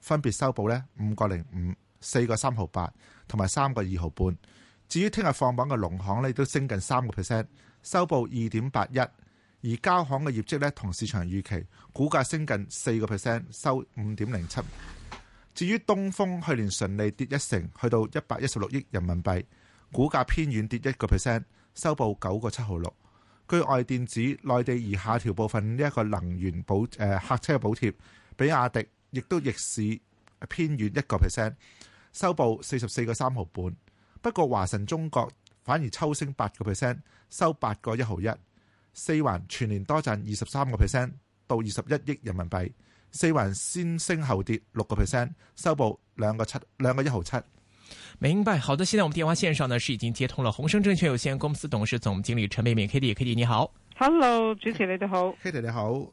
分別收報咧五個零五、四個三毫八，同埋三個二毫半。至於聽日放榜嘅農行咧，都升近三個 percent，收報二點八一；而交行嘅業績咧同市場預期，股價升近四個 percent，收五點零七。至於東風去年順利跌一成，去到一百一十六億人民幣，股價偏軟跌一個 percent，收報九個七毫六。據外電指內地而下調部分呢一個能源補誒、呃、客車嘅補貼，比亞迪，亦都逆市偏軟一個 percent，收報四十四個三毫半。不過華晨中國反而抽升八個 percent，收八個一毫一。四環全年多賺二十三個 percent，到二十一億人民幣。四環先升後跌六個 percent，收報兩個七兩個一毫七。明白，好的，現在我們電話綫上呢是已經接通了宏盛證券有限公司董事總經理陳蓓敏，Kitty Kitty 你好，Hello，主持你哋好，Kitty 你好。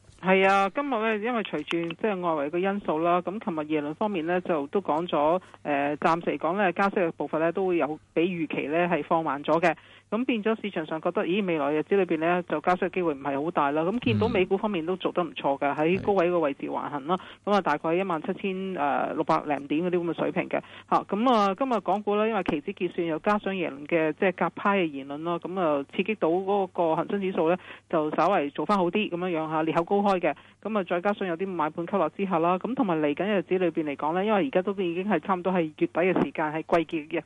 係啊，今日咧，因為隨住即係外圍嘅因素啦，咁琴日夜論方面咧，就都講咗，呃，暫時嚟講咧，加息嘅步伐咧，都會有比預期咧係放慢咗嘅。咁變咗市場上覺得，咦，未來日子裏面呢就加息嘅機會唔係好大啦。咁見到美股方面都做得唔錯嘅，喺高位個位置橫行啦。咁啊大概一萬七千誒六百零點嗰啲咁嘅水平嘅。嚇，咁啊今日港股呢，因為期指結算又加上耶倫嘅即係夾派嘅言論囉，咁啊刺激到嗰個恆生指數呢，就稍為做翻好啲咁樣樣嚇，裂口高開嘅。咁啊再加上有啲買盤吸落之後啦，咁同埋嚟緊日子裏面嚟講呢，因為而家都已經係差唔多係月底嘅時間，係季結嘅。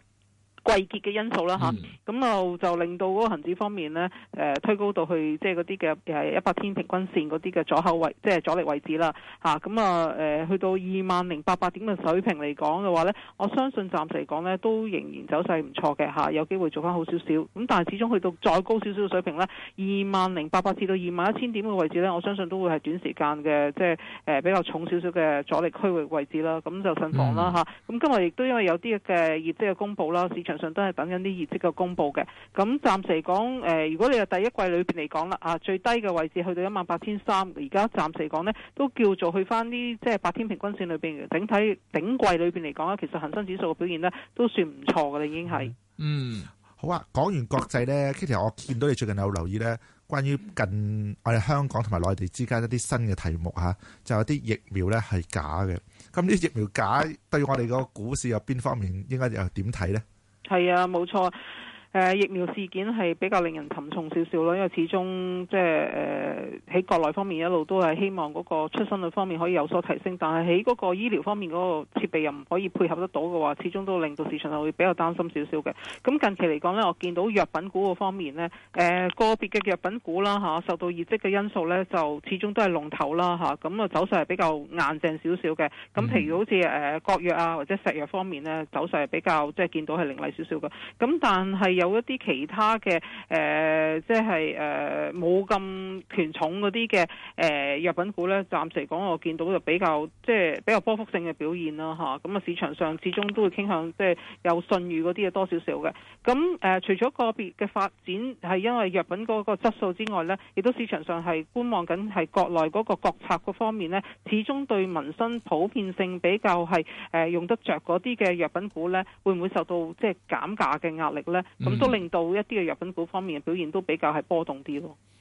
季結嘅因素啦咁、嗯、就令到嗰個恆指方面呢，誒、呃、推高到去即係嗰啲嘅誒一百天平均線嗰啲嘅左口位，即、就、係、是、阻力位置啦咁啊，啊、呃、去到二萬零八百點嘅水平嚟講嘅話呢，我相信暫時嚟講呢，都仍然走勢唔錯嘅，有機會做翻好少少。咁但係始終去到再高少少嘅水平呢，二萬零八百至到二萬一千點嘅位置呢，我相信都會係短時間嘅即係比較重少少嘅阻力區域位，位置啦。咁、啊、就慎防啦咁今日亦都因為有啲嘅業績嘅公佈啦，市場上都係等緊啲業績嘅公布嘅。咁暫時嚟講，誒、呃，如果你話第一季裏邊嚟講啦，啊，最低嘅位置去到一萬八千三，而家暫時嚟講呢，都叫做去翻啲即係八天平均線裏邊嘅整體頂季裏邊嚟講呢，其實恆生指數嘅表現呢，都算唔錯嘅，已經係嗯，嗯好啊。講完國際呢，Kitty 我見到你最近有留意呢，關於近我哋香港同埋內地之間一啲新嘅題目吓、啊，就有啲疫苗呢係假嘅。咁呢啲疫苗假對我哋個股市有邊方面應該又點睇呢？係啊，冇錯。呃、疫苗事件係比較令人沉重少少咯，因為始終即係誒喺國內方面一路都係希望嗰個出生率方面可以有所提升，但係喺嗰個醫療方面嗰個設備又唔可以配合得到嘅話，始終都令到市場係會比較擔心少少嘅。咁近期嚟講呢，我見到藥品股個方面呢，誒、呃、個別嘅藥品股啦、啊、受到業績嘅因素呢，就始終都係龍頭啦嚇，咁啊那走勢係比較硬淨少少嘅。咁譬如好似誒國藥啊或者石藥方面呢，走勢係比較即係見到係凌厲少少嘅。咁但係 有一啲其他嘅誒、呃，即係，誒、呃，冇咁權重嗰啲嘅誒，藥、呃、品股咧，暫時嚟講我見到就比較，即係比較波幅性嘅表現啦吓，咁啊、嗯，市場上始終都會傾向即係有信譽嗰啲嘅多少少嘅。咁、嗯、誒、呃，除咗個別嘅發展係因為藥品嗰個質素之外咧，亦都市場上係觀望緊係國內嗰個國策嗰方面咧，始終對民生普遍性比較係，係、呃、誒，用得着嗰啲嘅藥品股咧，會唔會受到即係減價嘅壓力咧？嗯都令到一啲嘅藥品股方面嘅表現都比較係波動啲咯。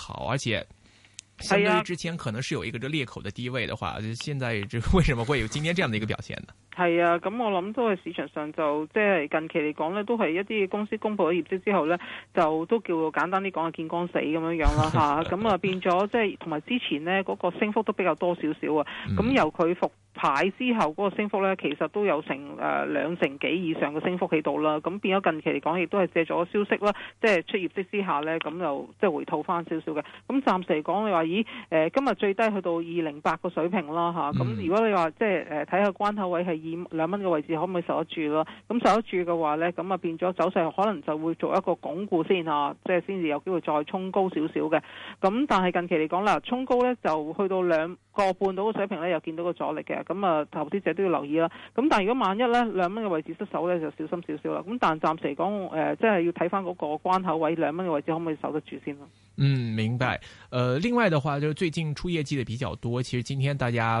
好，而且相對於之前可能是有一個裂口的低位的話，啊、現在就為什麼會有今天這樣的一個表現呢？係啊，咁我諗都係市場上就即係、就是、近期嚟講呢都係一啲公司公布咗業績之後呢，就都叫簡單啲講下見光死咁樣樣啦吓，咁 啊那變咗即係同埋之前呢嗰、那個升幅都比較多少少啊，咁、嗯、由佢復。牌之後嗰個升幅咧，其實都有成誒、呃、兩成幾以上嘅升幅喺度啦。咁變咗近期嚟講，亦都係借咗消息啦，即係出業績之下咧，咁就即係回吐翻少少嘅。咁暫時嚟講，你話咦、呃、今日最低去到二零八個水平啦嚇。咁、啊、如果你話即係睇下關口位係二兩蚊嘅位置，可唔可以守得住咯？咁守得住嘅話咧，咁啊變咗走勢可能就會做一個鞏固先嚇、啊，即係先至有機會再衝高少少嘅。咁但係近期嚟講啦，衝高咧就去到兩。個半度嘅水平咧，又見到個阻力嘅，咁啊投資者都要留意啦。咁但係如果萬一咧，兩蚊嘅位置失守咧，就小心少少啦。咁但係暫時嚟講，誒即係要睇翻嗰個關口位兩蚊嘅位置，可唔可以守得住先啦？嗯，明白。呃，另外嘅話就最近出業績嘅比較多，其實今天大家，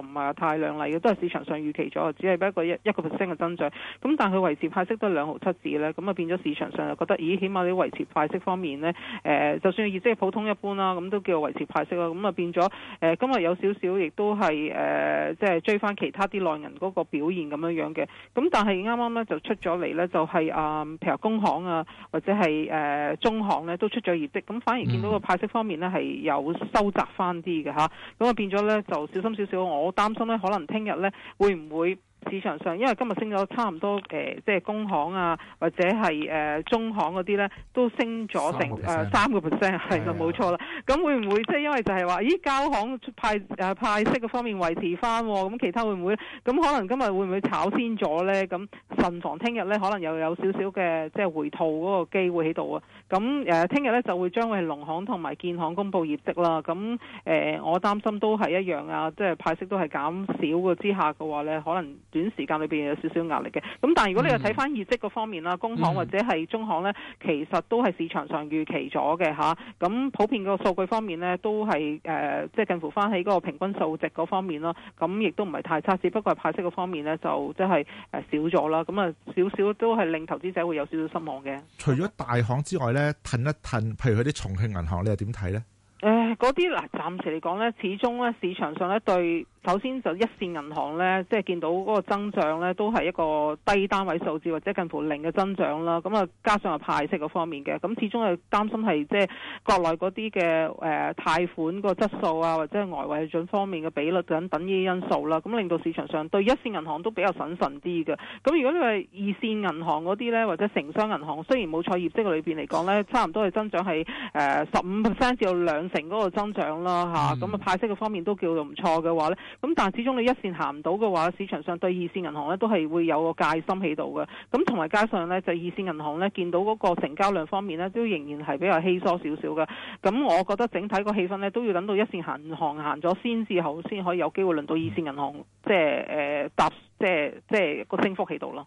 唔係太亮麗嘅，都係市場上預期咗，只係不過一一個 percent 嘅增長。咁但係佢維持派息都係兩毫七子咧，咁啊變咗市場上就覺得，咦，起碼你維持派息方面呢，誒、呃，就算業績普通一般啦，咁都叫維持派息啦。咁啊變咗誒、呃，今日有少少亦都係誒，即、呃、係、就是、追翻其他啲內銀嗰個表現咁樣樣嘅。咁但係啱啱呢就出咗嚟呢，就係、是、啊，譬、呃、如工行啊，或者係誒、呃、中行呢都出咗業績，咁反而見到個派息方面呢，係有收窄翻啲嘅嚇。咁啊變咗呢，就小心少少，我。我擔心咧，可能聽日咧會唔會？市場上，因為今日升咗差唔多誒、呃，即係工行啊，或者係誒、呃、中行嗰啲咧，都升咗成誒三個 percent 係咁，冇錯啦。咁會唔會即係因為就係話，咦？交行派誒、啊、派息嘅方面維持翻喎、哦，咁其他會唔會？咁可能今日會唔會炒先咗咧？咁慎防聽日咧，可能又有，有少少嘅即係回吐嗰個機會喺度啊。咁誒，聽日咧就會將會係農行同埋建行公布業績啦。咁誒、呃，我擔心都係一樣啊，即係派息都係減少嘅之下嘅話咧，可能。短時間裏邊有少少壓力嘅，咁但係如果你又睇翻業績嗰方面啦，嗯、工行或者係中行呢，其實都係市場上預期咗嘅吓，咁、嗯、普遍個數據方面呢，都係誒，即係近乎翻喺嗰個平均數值嗰方面咯，咁亦都唔係太差，只不過係派息嗰方面呢，就即係誒少咗啦，咁啊少少都係令投資者會有少少失望嘅。除咗大行之外呢，褪一褪，譬如佢啲重慶銀行，你又點睇呢？嗰啲嗱，暫時嚟講咧，始終咧，市場上咧對，首先就一線銀行咧，即係見到嗰個增長咧，都係一個低單位數字或者近乎零嘅增長啦。咁啊，加上啊派息嗰方面嘅，咁始終係擔心係即係國內嗰啲嘅誒貸款個質素啊，或者係外匯準方面嘅比率等等呢啲因素啦，咁令到市場上對一線銀行都比較審慎啲嘅。咁如果你係二線銀行嗰啲咧，或者城商銀行，雖然冇錯業績裏邊嚟講咧，差唔多係增長係誒十五 percent 至到兩成嗰的個、嗯、增長啦吓，咁啊派息嘅方面都叫做唔錯嘅話呢。咁但係始終你一線行唔到嘅話，市場上對二線銀行呢都係會有個戒心喺度嘅，咁同埋加上呢，就二線銀行呢，見到嗰個成交量方面呢，都仍然係比較稀疏少少嘅，咁我覺得整體個氣氛呢，都要等到一線行行咗先至後，先可以有機會輪到二線銀行即係誒搭即係即係個升幅喺度咯。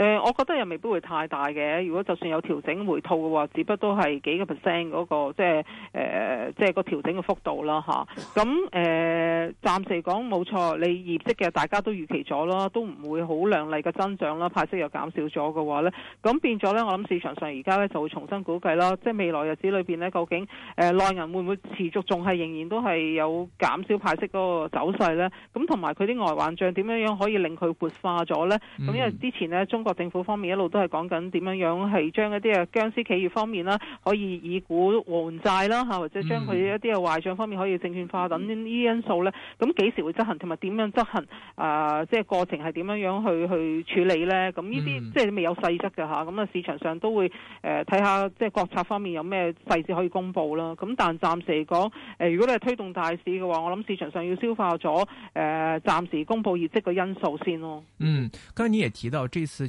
誒，我覺得又未必會太大嘅。如果就算有調整回吐嘅話，只不過係幾個 percent 嗰個，即係誒，即係個調整嘅幅度啦，吓，咁誒，暫時嚟講冇錯，你業績嘅大家都預期咗咯，都唔會好靚麗嘅增長啦，派息又減少咗嘅話咧，咁變咗咧，我諗市場上而家咧就會重新估計啦，即係未來日子裏邊咧，究竟誒內銀會唔會持續仲係仍然都係有減少派息嗰個走勢咧？咁同埋佢啲外還賬點樣樣可以令佢活化咗咧？咁因為之前咧中國。政府方面一路都係講緊點樣樣係將一啲嘅僵屍企業方面啦，可以以股換債啦嚇，或者將佢一啲嘅壞帳方面可以證券化等呢啲因素咧，咁幾時會執行，同埋點樣執行啊？即係過程係點樣樣去去處理咧？咁呢啲即係未有細則嘅吓。咁啊市場上都會誒睇下即係國策方面有咩細節可以公布啦。咁但暫時嚟講，誒如果你係推動大市嘅話，我諗市場上要消化咗誒暫時公佈業績嘅因素先咯。嗯，剛你也提到這次。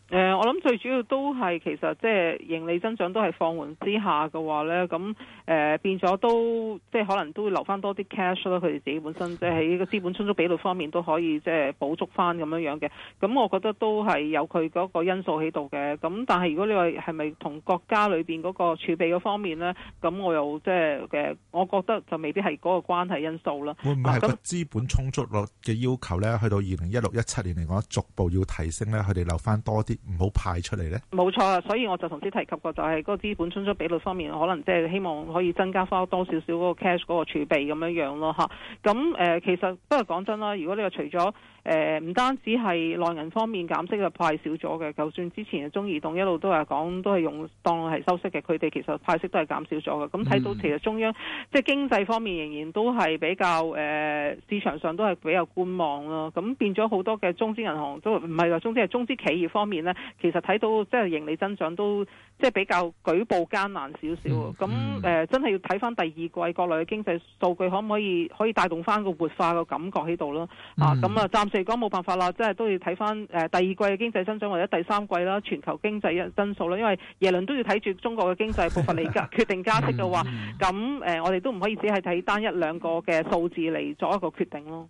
我諗最主要都係，其實即係盈利增長都係放緩之下嘅話咧，咁誒、呃、變咗都即係可能都會留翻多啲 cash 啦。佢哋自己本身即係喺個資本充足比率方面都可以即係補足翻咁樣樣嘅。咁我覺得都係有佢嗰個因素喺度嘅。咁但係如果你話係咪同國家裏邊嗰個儲備嘅方面咧，咁我又即係嘅我覺得就未必係嗰個關係因素啦。唔，咁資本充足率嘅要求咧，去到二零一六一七年嚟講，逐步要提升咧，佢哋留翻多啲唔好，派出嚟咧，冇錯啦，所以我就同時提及過，就係嗰個資本充足比率方面，可能即係希望可以增加翻多少少嗰個 cash 嗰個儲備咁樣樣咯吓咁誒，其實不過講真啦，如果你話除咗誒唔、呃、單止係內銀方面減息係派少咗嘅，就算之前中移動一路都係講都係用當係收息嘅，佢哋其實派息都係減少咗嘅。咁睇到其實中央即係經濟方面仍然都係比較誒、呃、市場上都係比較觀望咯、啊。咁變咗好多嘅中資銀行都唔係話中資，係中資企業方面呢。其實睇到即係盈利增長都。即係比較舉步艱難少少，咁誒、嗯呃、真係要睇翻第二季國內嘅經濟數據可唔可以可以帶動翻個活化嘅感覺喺度咯啊！咁、嗯、啊，暫時講冇辦法啦，即係都要睇翻誒第二季嘅經濟增長或者第三季啦，全球經濟嘅增速啦，因為耶倫都要睇住中國嘅經濟步伐嚟決定加息嘅話，咁誒、嗯呃、我哋都唔可以只係睇單一兩個嘅數字嚟作一個決定咯。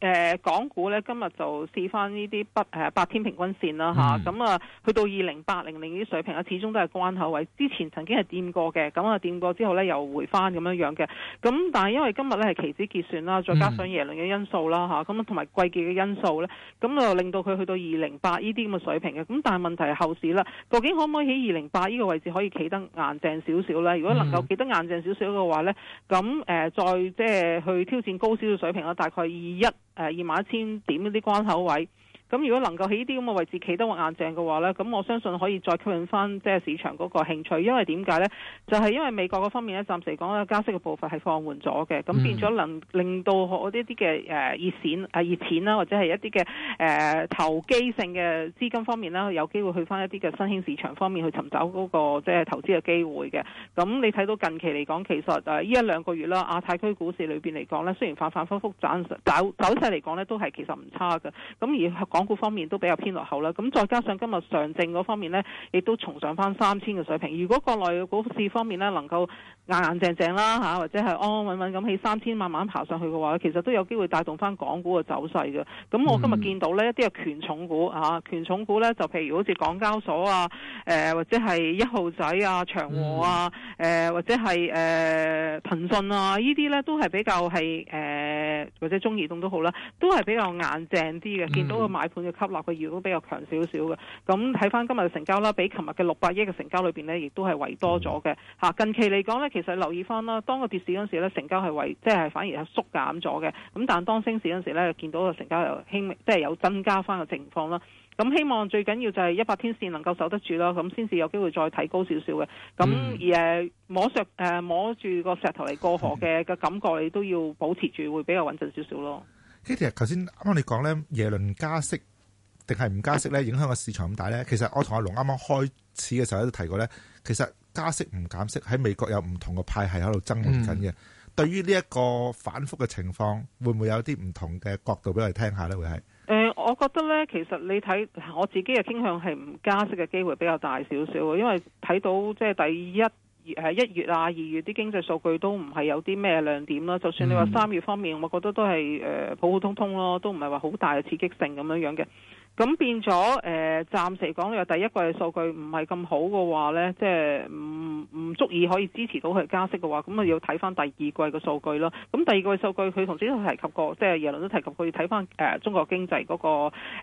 誒、呃、港股咧，今日就試翻呢啲不、八天平均線啦吓，咁、mm hmm. 啊去到二零八零零呢啲水平啊始終都係關口位。之前曾經係掂過嘅，咁啊掂過之後咧又回翻咁樣樣嘅。咁、啊、但係因為今日咧係期指結算啦，再加上耶倫嘅因素啦吓，咁同埋季結嘅因素咧，咁就令到佢去到二零八呢啲咁嘅水平嘅。咁、啊、但係問題係後市啦，究竟可唔可以喺二零八呢個位置可以企得硬淨少少咧？如果能夠企得硬淨少少嘅話咧，咁、mm hmm. 呃、再即係去挑戰高少少水平啦，大概二一。誒二萬一千點嗰啲關口位。咁如果能夠喺呢啲咁嘅位置企得穩硬正嘅話呢，咁我相信可以再吸引翻即係市場嗰個興趣，因為點解呢？就係因為美國嗰方面呢，暫時嚟講加息嘅步伐係放緩咗嘅，咁變咗能令到我呢啲嘅熱錢啊熱錢啦，或者係一啲嘅投機性嘅資金方面啦，有機會去翻一啲嘅新興市場方面去尋找嗰個即係投資嘅機會嘅。咁你睇到近期嚟講，其實呢一兩個月啦，亞太區股市裏面嚟講呢，雖然反反覆覆走走勢嚟講呢，都係其實唔差嘅。咁而港股方面都比較偏落後啦，咁再加上今日上證嗰方面呢，亦都重上翻三千嘅水平。如果國內嘅股市方面呢，能夠硬硬正正啦吓，或者係安安穩穩咁起三千慢慢爬上去嘅話，其實都有機會帶動翻港股嘅走勢嘅。咁、嗯、我今日見到呢一啲係權重股嚇，權重股呢，就譬如好似港交所啊，誒、呃、或者係一號仔啊、長和啊，誒、嗯呃、或者係誒騰訊啊，呢啲呢都係比較係誒、呃、或者中移動都好啦，都係比較硬正啲嘅，見、嗯、到個買。盤嘅吸納嘅預估比較強少少嘅，咁睇翻今日嘅成交啦，比琴日嘅六百億嘅成交裏邊呢，亦都係為多咗嘅嚇。近期嚟講呢，其實留意翻啦，當個跌市嗰陣時咧，成交係為即係反而係縮減咗嘅，咁但係當升市嗰陣時咧，見到個成交又輕即係、就是、有增加翻嘅情況啦。咁希望最緊要就係一百天線能夠守得住咯，咁先至有機會再提高少少嘅。咁誒摸石誒摸住個石頭嚟過河嘅嘅感覺，嗯、你都要保持住，會比較穩陣少少咯。呢日頭先啱啱你講咧，耶倫加息定係唔加息咧，影響個市場咁大咧？其實我同阿龍啱啱開始嘅時候都提過咧，其實加息唔減息喺美國有唔同嘅派系喺度爭論緊嘅。嗯、對於呢一個反覆嘅情況，會唔會有啲唔同嘅角度俾我哋聽下咧？會係誒，我覺得咧，其實你睇我自己嘅傾向係唔加息嘅機會比較大少少，因為睇到即係第一。誒啊一月啊、二月啲經濟數據都唔係有啲咩亮點啦，就算你話三月方面，我覺得都係誒、呃、普普通通咯，都唔係話好大嘅刺激性咁樣樣嘅。咁變咗誒、呃，暫時講你話第一季嘅數據唔係咁好嘅話咧，即係唔唔足以可以支持到佢加息嘅話，咁啊要睇翻第二季嘅數據咯。咁第二季數據佢同時都提及過，即係耶倫都提及過要睇翻誒中國經濟嗰、那個、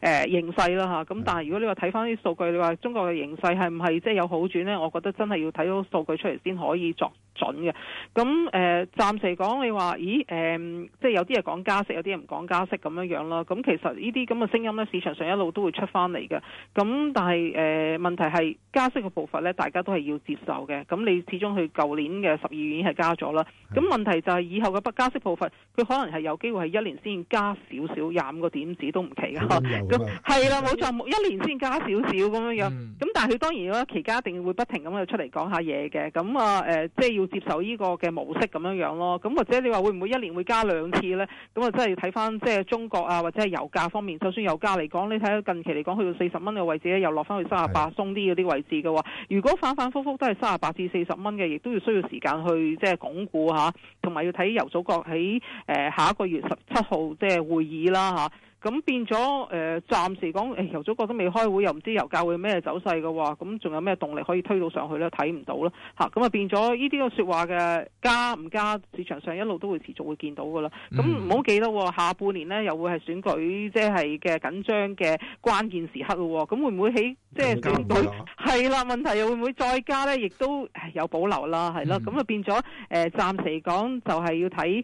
呃、形勢啦嚇。咁但係如果你話睇翻啲數據，你話中國嘅形勢係唔係即係有好轉咧？我覺得真係要睇到數據出嚟先可以作準嘅。咁誒、呃，暫時講你話，咦誒、呃，即係有啲係講加息，有啲嘢唔講加息咁樣樣咯。咁其實呢啲咁嘅聲音咧，市場上一路都會出翻嚟嘅，咁但係誒、呃、問題係加息嘅步伐咧，大家都係要接受嘅。咁你始終佢舊年嘅十二月已經係加咗啦。咁是的 問題就係以後嘅不加息步伐，佢可能係有機會係一年先加少少廿五個點子都唔奇嘅。咁係啦，冇錯，一年先加少少咁樣樣。咁、嗯、但係佢當然啦，期家一定會不停咁樣出嚟講下嘢嘅。咁啊誒，即係要接受呢個嘅模式咁樣樣咯。咁或者你話會唔會一年會加兩次呢？咁啊真係要睇翻即係中國啊，或者係油價方面。就算油價嚟講，你喺近期嚟講，去到四十蚊嘅位置咧，又落翻去三十八鬆啲嗰啲位置嘅話，如果反反复复都係三十八至四十蚊嘅，亦都要需要時間去即係鞏固吓，同、就、埋、是啊、要睇游祖國喺誒、呃、下一個月十七號即係、就是、會議啦吓。啊咁變咗誒、呃，暫時講、哎、由早覺得未開會又唔知油價會咩走勢嘅話，咁仲有咩動力可以推到上去咧？睇唔到啦，嚇！咁啊就變咗呢啲個說話嘅加唔加市場上一路都會持續會見到㗎啦。咁唔好記得、哦、下半年咧又會係選舉，即係嘅緊張嘅關鍵時刻咯、哦。咁會唔會起？即、就、係、是、選舉係啦？問題又會唔會再加咧？亦都有保留啦，係咯。咁啊、嗯、變咗誒、呃，暫時講就係要睇。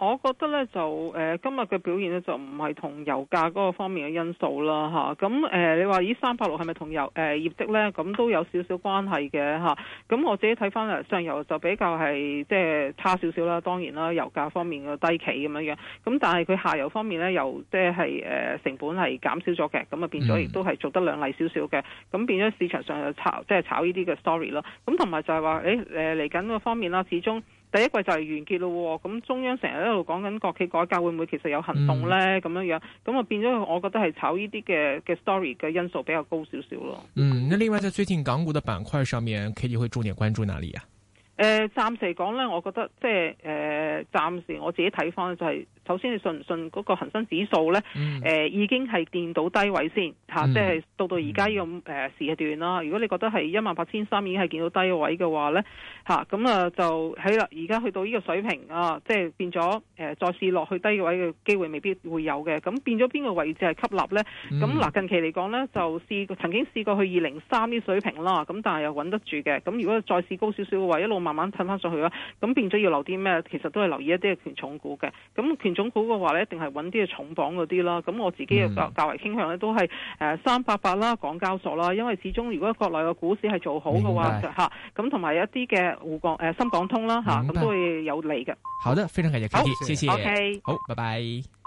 我覺得咧就誒、呃、今日嘅表現咧就唔係同油價嗰個方面嘅因素啦嚇，咁誒、呃、你話、呃、呢，三百六係咪同油誒業績咧？咁都有少少關係嘅嚇。咁我自己睇翻上游就比較係即係差少少啦，當然啦，油價方面嘅低企咁樣樣。咁但係佢下游方面咧，又即係成本係減少咗嘅，咁啊變咗亦都係做得兩例少少嘅。咁變咗市場上就炒即係、就是、炒呢啲嘅 story 咯。咁同埋就係話誒嚟緊個方面啦，始終。第一季就係完結咯，咁中央成日喺度講緊國企改革會唔會其實有行動咧？咁樣、嗯、樣，咁啊變咗，我覺得係炒呢啲嘅嘅 story 嘅因素比較高少少咯。嗯，那另外在最近港股的板塊上面 Kitty 會重點關注哪裏呀、啊？誒、呃、暫時嚟講咧，我覺得即係誒暫時我自己睇翻就係、是，首先你信唔信嗰個恒生指數咧？誒、嗯呃、已經係見到低位先、啊嗯、即係到到而家呢個誒、呃、時段啦。如果你覺得係一萬八千三已經係見到低位嘅話咧，咁啊，啊就喺啦。而家去到呢個水平啊，即係變咗、呃、再試落去低位嘅機會未必會有嘅。咁變咗邊個位置係吸納咧？咁嗱、嗯啊、近期嚟講咧，就試曾經試過去二零三啲水平啦，咁但係又穩得住嘅。咁如果再試高少少嘅話，一路慢慢褪翻上去啦，咁變咗要留啲咩？其實都係留意一啲嘅權重股嘅。咁權重股嘅話咧，一定係揾啲嘅重磅嗰啲啦。咁我自己嘅較較為傾向咧，都係誒三八八啦、港交所啦，因為始終如果國內嘅股市係做好嘅話，嚇咁同埋有一啲嘅滬港誒、呃、深港通啦嚇，咁明白、啊、都會有利嘅。好的，非常感謝 Kitty，謝謝。好，拜拜。